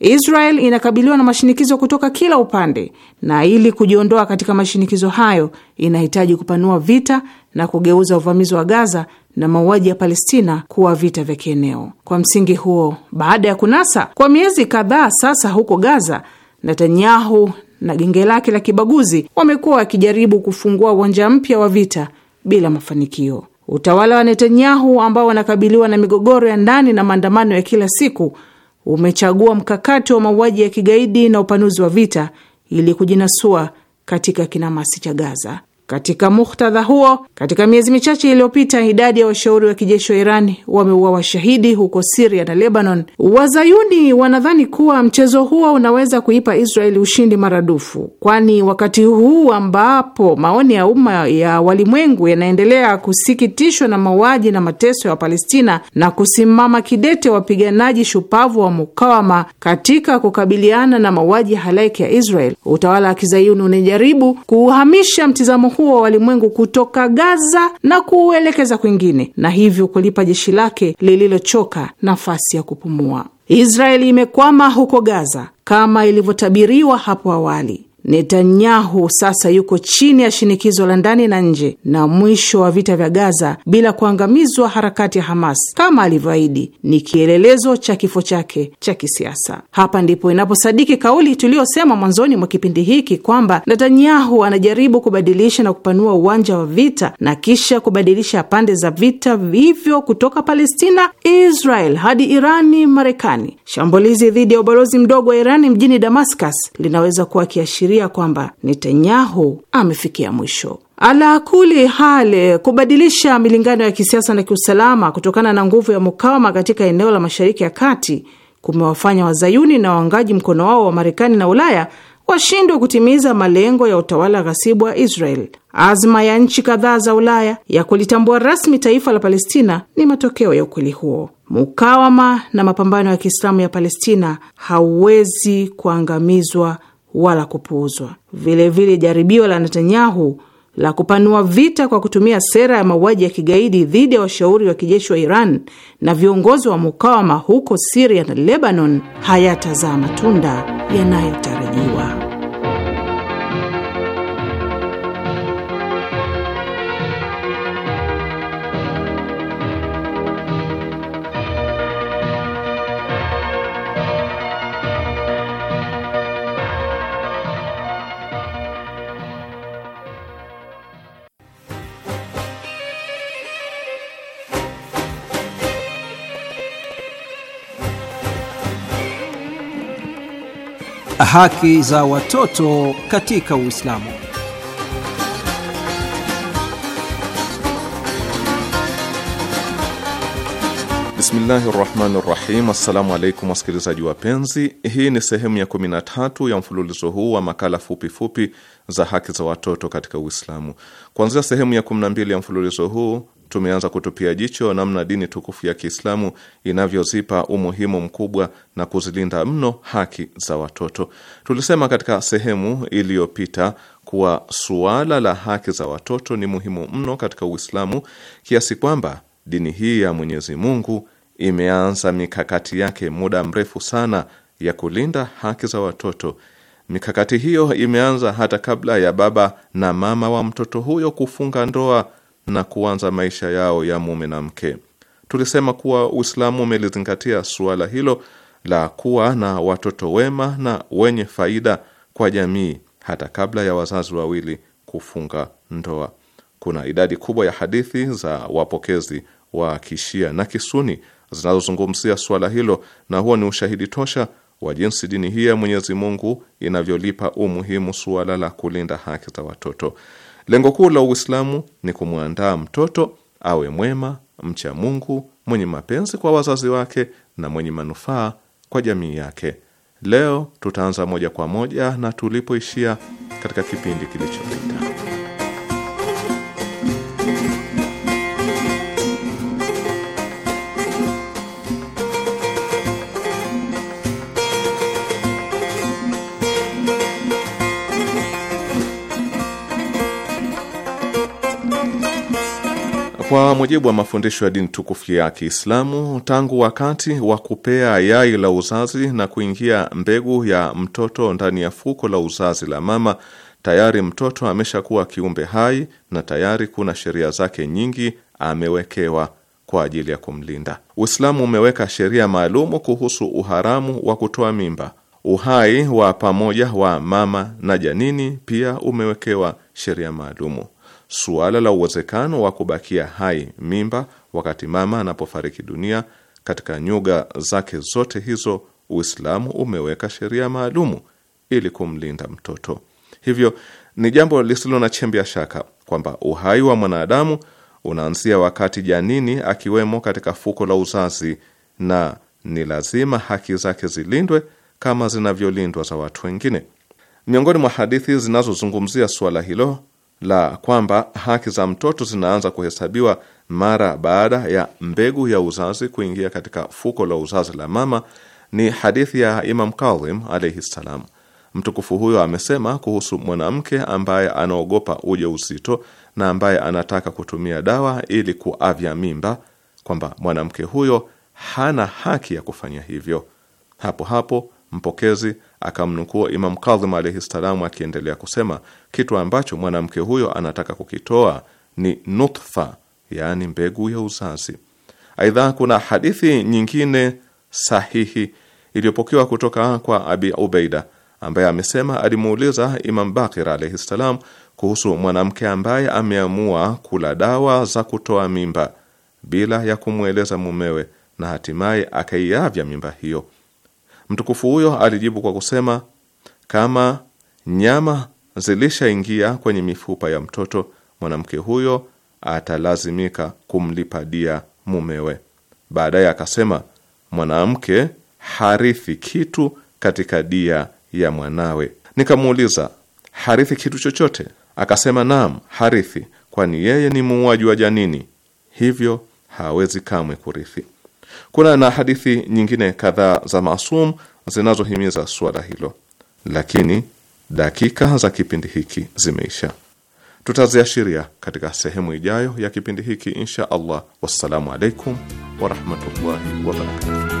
Israel inakabiliwa na mashinikizo kutoka kila upande, na ili kujiondoa katika mashinikizo hayo inahitaji kupanua vita na kugeuza uvamizi wa Gaza na mauaji ya Palestina kuwa vita vya kieneo. Kwa msingi huo, baada ya kunasa kwa miezi kadhaa sasa huko Gaza, Netanyahu na genge lake la kibaguzi wamekuwa wakijaribu kufungua uwanja mpya wa vita bila mafanikio. Utawala wa Netanyahu ambao wanakabiliwa na migogoro ya ndani na maandamano ya kila siku umechagua mkakati wa mauaji ya kigaidi na upanuzi wa vita ili kujinasua katika kinamasi cha Gaza. Katika muktadha huo, katika miezi michache iliyopita, idadi ya washauri wa kijeshi wa Iran wameua washahidi huko Siria na Lebanon. Wazayuni wanadhani kuwa mchezo huo unaweza kuipa Israeli ushindi maradufu, kwani wakati huu ambapo maoni ya umma ya walimwengu yanaendelea kusikitishwa na mauaji na mateso ya Wapalestina na kusimama kidete wapiganaji shupavu wa mukawama katika kukabiliana na mauaji halaiki ya Israel, utawala wa kizayuni unajaribu kuhamisha mtizamo huo wa walimwengu kutoka Gaza na kuuelekeza kwingine, na hivyo kulipa jeshi lake lililochoka nafasi ya kupumua. Israeli imekwama huko Gaza kama ilivyotabiriwa hapo awali. Netanyahu sasa yuko chini ya shinikizo la ndani na nje na mwisho wa vita vya Gaza bila kuangamizwa harakati ya Hamas kama alivyoahidi ni kielelezo cha kifo chake cha kisiasa. Hapa ndipo inaposadiki kauli tuliyosema mwanzoni mwa kipindi hiki kwamba Netanyahu anajaribu kubadilisha na kupanua uwanja wa vita na kisha kubadilisha pande za vita hivyo kutoka Palestina, Israel hadi Irani, Marekani. Shambulizi dhidi ya ubalozi mdogo wa Irani mjini Damascus linaweza kuwa kiashiria kuashiria kwamba Netanyahu amefikia mwisho. Ala kuli hali, kubadilisha milingano ya kisiasa na kiusalama kutokana na nguvu ya mukawama katika eneo la Mashariki ya Kati kumewafanya wazayuni na waungaji mkono wao wa Marekani na Ulaya washindwe kutimiza malengo ya utawala ghasibu wa Israel. Azma ya nchi kadhaa za Ulaya ya kulitambua rasmi taifa la Palestina ni matokeo ya ukweli huo. Mukawama na mapambano ya Kiislamu ya Palestina hauwezi kuangamizwa wala kupuuzwa. Vilevile, jaribio la Netanyahu la kupanua vita kwa kutumia sera ya mauaji ya kigaidi dhidi ya washauri wa kijeshi wa Iran na viongozi wa mukawama huko Siria na Lebanon hayatazaa matunda yanayotarajiwa. Haki za watoto katika Uislamu. Bismillahi rahmani rahim. Assalamu alaikum wasikilizaji wapenzi, hii ni sehemu ya 13 ya mfululizo huu wa makala fupifupi fupi za haki za watoto katika Uislamu. Kuanzia sehemu ya 12 ya mfululizo huu tumeanza kutupia jicho namna dini tukufu ya Kiislamu inavyozipa umuhimu mkubwa na kuzilinda mno haki za watoto. Tulisema katika sehemu iliyopita kuwa suala la haki za watoto ni muhimu mno katika Uislamu kiasi kwamba dini hii ya Mwenyezi Mungu imeanza mikakati yake muda mrefu sana ya kulinda haki za watoto. Mikakati hiyo imeanza hata kabla ya baba na mama wa mtoto huyo kufunga ndoa na kuanza maisha yao ya mume na mke. Tulisema kuwa Uislamu umelizingatia suala hilo la kuwa na watoto wema na wenye faida kwa jamii hata kabla ya wazazi wawili kufunga ndoa. Kuna idadi kubwa ya hadithi za wapokezi wa Kishia na Kisuni zinazozungumzia suala hilo, na huo ni ushahidi tosha wa jinsi dini hii ya Mwenyezi Mungu inavyolipa umuhimu suala la kulinda haki za watoto. Lengo kuu la Uislamu ni kumwandaa mtoto awe mwema, mcha Mungu, mwenye mapenzi kwa wazazi wake na mwenye manufaa kwa jamii yake. Leo tutaanza moja kwa moja na tulipoishia katika kipindi kilichopita. Kwa mujibu wa mafundisho ya dini tukufu ya Kiislamu, tangu wakati wa kupea yai la uzazi na kuingia mbegu ya mtoto ndani ya fuko la uzazi la mama, tayari mtoto ameshakuwa kiumbe hai na tayari kuna sheria zake nyingi amewekewa kwa ajili ya kumlinda. Uislamu umeweka sheria maalumu kuhusu uharamu wa kutoa mimba. Uhai wa pamoja wa mama na janini pia umewekewa sheria maalumu suala la uwezekano wa kubakia hai mimba wakati mama anapofariki dunia. Katika nyuga zake zote hizo, Uislamu umeweka sheria maalumu ili kumlinda mtoto. Hivyo ni jambo lisilo na chembe ya shaka kwamba uhai wa mwanadamu unaanzia wakati janini akiwemo katika fuko la uzazi, na ni lazima haki zake zilindwe kama zinavyolindwa za watu wengine. Miongoni mwa hadithi zinazozungumzia suala hilo la kwamba haki za mtoto zinaanza kuhesabiwa mara baada ya mbegu ya uzazi kuingia katika fuko la uzazi la mama ni hadithi ya Imam Kadhim alayhi salam. Mtukufu huyo amesema kuhusu mwanamke ambaye anaogopa uzito na ambaye anataka kutumia dawa ili kuavya mimba kwamba mwanamke huyo hana haki ya kufanya hivyo. Hapo hapo mpokezi akamnukua Imam Kadhim alaihi ssalamu akiendelea kusema, kitu ambacho mwanamke huyo anataka kukitoa ni nutfa, yaani mbegu ya uzazi. Aidha, kuna hadithi nyingine sahihi iliyopokewa kutoka kwa Abi ubeida ambaye amesema alimuuliza Imam Bakir alaihi ssalam kuhusu mwanamke ambaye ameamua kula dawa za kutoa mimba bila ya kumweleza mumewe na hatimaye akaiavya mimba hiyo. Mtukufu huyo alijibu kwa kusema, kama nyama zilishaingia kwenye mifupa ya mtoto, mwanamke huyo atalazimika kumlipa dia mumewe. Baadaye akasema, mwanamke harithi kitu katika dia ya mwanawe. Nikamuuliza, harithi kitu chochote? Akasema, naam, harithi, kwani yeye ni muuaji wa janini, hivyo hawezi kamwe kurithi. Kuna na hadithi nyingine kadhaa za Maasum zinazohimiza suala hilo, lakini dakika za kipindi hiki zimeisha. Tutaziashiria katika sehemu ijayo ya kipindi hiki insha Allah. Wassalamu alaikum warahmatullahi wabarakatuh.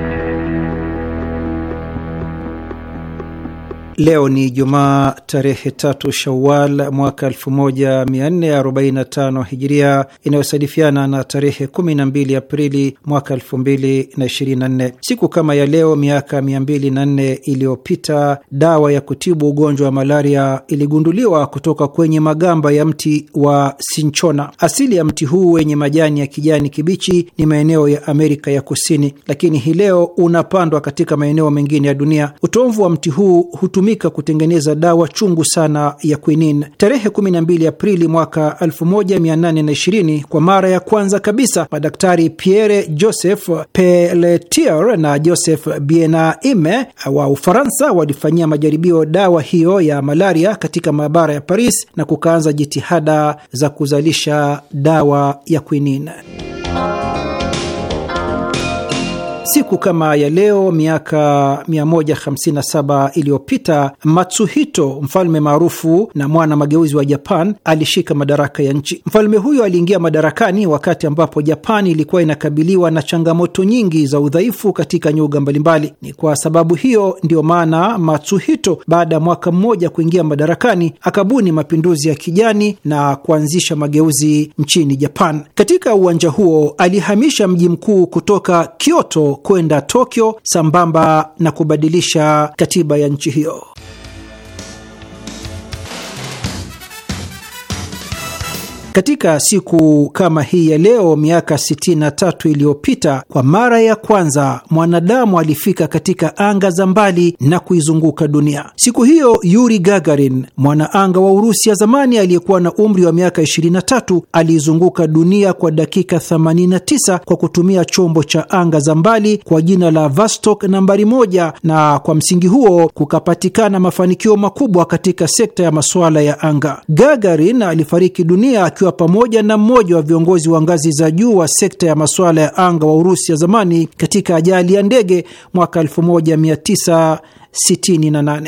Leo ni Jumaa tarehe tatu Shawal mwaka 1445 Hijiria, inayosadifiana na tarehe 12 Aprili mwaka 2024. Siku kama ya leo miaka 204 iliyopita dawa ya kutibu ugonjwa wa malaria iligunduliwa kutoka kwenye magamba ya mti wa Sinchona. Asili ya mti huu wenye majani ya kijani kibichi ni maeneo ya Amerika ya Kusini, lakini hii leo unapandwa katika maeneo mengine ya dunia. Utomvu wa mti huu hutumika kutumika kutengeneza dawa chungu sana ya quinin. Tarehe 12 Aprili mwaka 1820, kwa mara ya kwanza kabisa madaktari Pierre Joseph Pelletier na Joseph Bienaime wa Ufaransa walifanyia majaribio dawa hiyo ya malaria katika maabara ya Paris na kukaanza jitihada za kuzalisha dawa ya quinin. Siku kama ya leo miaka 157 iliyopita Matsuhito, mfalme maarufu na mwana mageuzi wa Japan, alishika madaraka ya nchi. Mfalme huyo aliingia madarakani wakati ambapo Japan ilikuwa inakabiliwa na changamoto nyingi za udhaifu katika nyuga mbalimbali. Ni kwa sababu hiyo ndiyo maana Matsuhito, baada ya mwaka mmoja kuingia madarakani, akabuni mapinduzi ya kijani na kuanzisha mageuzi nchini Japan. Katika uwanja huo alihamisha mji mkuu kutoka Kyoto kwenda Tokyo sambamba na kubadilisha katiba ya nchi hiyo. Katika siku kama hii ya leo miaka 63 iliyopita, kwa mara ya kwanza mwanadamu alifika katika anga za mbali na kuizunguka dunia. Siku hiyo Yuri Gagarin, mwanaanga wa Urusi ya zamani aliyekuwa na umri wa miaka 23, aliizunguka dunia kwa dakika 89 kwa kutumia chombo cha anga za mbali kwa jina la Vostok nambari moja, na kwa msingi huo kukapatikana mafanikio makubwa katika sekta ya masuala ya anga. Gagarin alifariki dunia akiwa pamoja na mmoja wa viongozi wa ngazi za juu wa sekta ya masuala ya anga wa Urusi ya zamani katika ajali ya ndege mwaka 1968.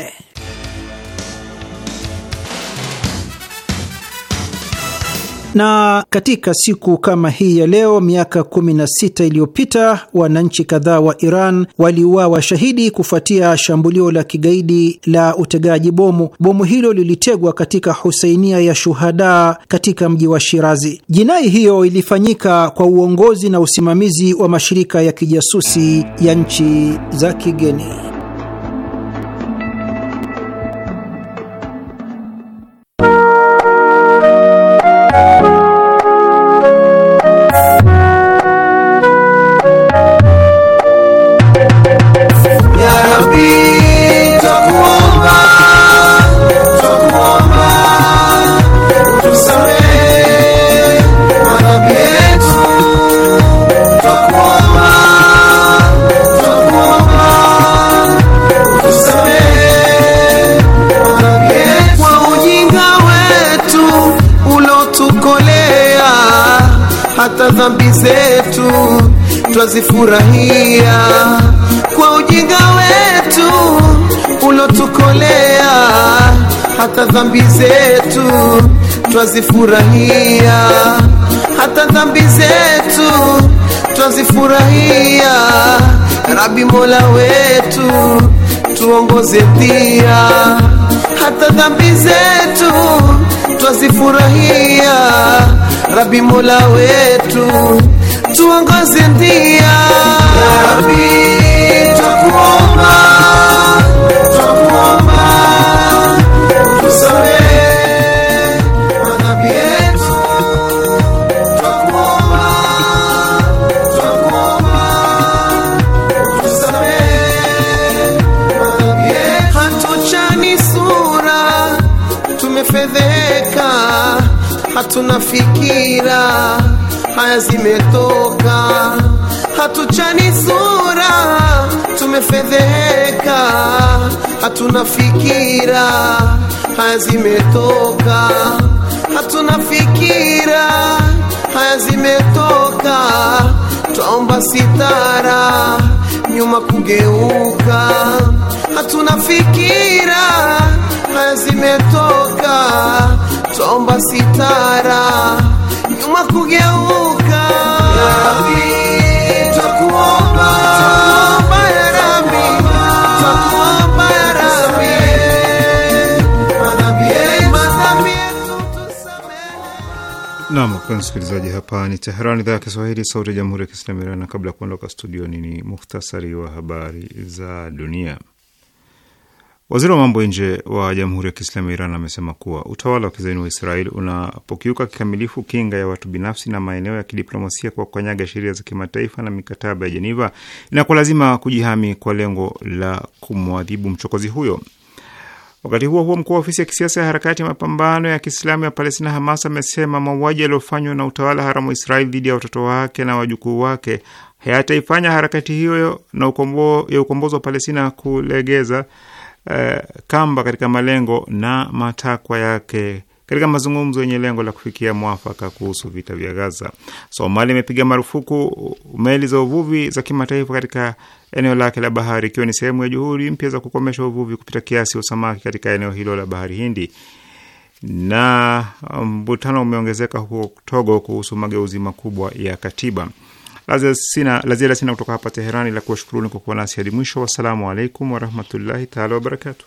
Na katika siku kama hii ya leo miaka 16 iliyopita wananchi kadhaa wa Iran waliuawa shahidi kufuatia shambulio la kigaidi la utegaji bomu. Bomu hilo lilitegwa katika husainia ya shuhada katika mji wa Shirazi. Jinai hiyo ilifanyika kwa uongozi na usimamizi wa mashirika ya kijasusi ya nchi za kigeni. dhambi zetu twazifurahia, hata dhambi zetu twazifurahia. Rabi Mola wetu tuongoze pia, hata dhambi zetu twazifurahia. Rabi Mola wetu tuongoze ndia. Rabi, twakuomba hatuna haya zimetoka, hatuchani sura, tumefedheka, hatuna fikira, haya zimetoka, hatuna haya zimetoka, twaomba sitara, nyuma kugeuka, hatunafikira fikira Ngoma zimetoka tomba sitara nyuma kugeuka Nam kwa msikilizaji, hapa ni Teheran, idhaa ya Kiswahili, sauti ya jamhuri ya kiislamu Iran. Na kabla ya kuondoka studioni, ni muhtasari wa habari za dunia. Waziri wa mambo ya nje wa Jamhuri ya Kiislamu ya Iran amesema kuwa utawala wa kizaini wa Israeli unapokiuka kikamilifu kinga ya watu binafsi na maeneo ya kidiplomasia kwa kukanyaga sheria za kimataifa na mikataba ya Jeniva, inakuwa lazima kujihami kwa lengo la kumwadhibu mchokozi huyo. Wakati huo huo, mkuu wa ofisi ya kisiasa ya harakati ya mapambano ya Kiislamu ya Palestina, Hamas, amesema mauaji yaliyofanywa na utawala haramu wa Israeli dhidi ya watoto wake na wajukuu wake hayataifanya harakati hiyo na ukombo, ya ukombozi wa Palestina kulegeza Eh, kamba katika malengo na matakwa yake katika mazungumzo yenye lengo la kufikia mwafaka kuhusu vita vya Gaza. Somalia imepiga marufuku meli za uvuvi za kimataifa katika eneo lake la bahari, ikiwa ni sehemu ya juhudi mpya za kukomesha uvuvi kupita kiasi wa samaki katika eneo hilo la bahari Hindi. Na um, mvutano umeongezeka huko Togo kuhusu mageuzi makubwa ya katiba la ziada sina kutoka hapa Teherani la kuwashukuruni kwa kuwa nasi hadi mwisho. Wassalamu alaikum warahmatullahi taala wabarakatuh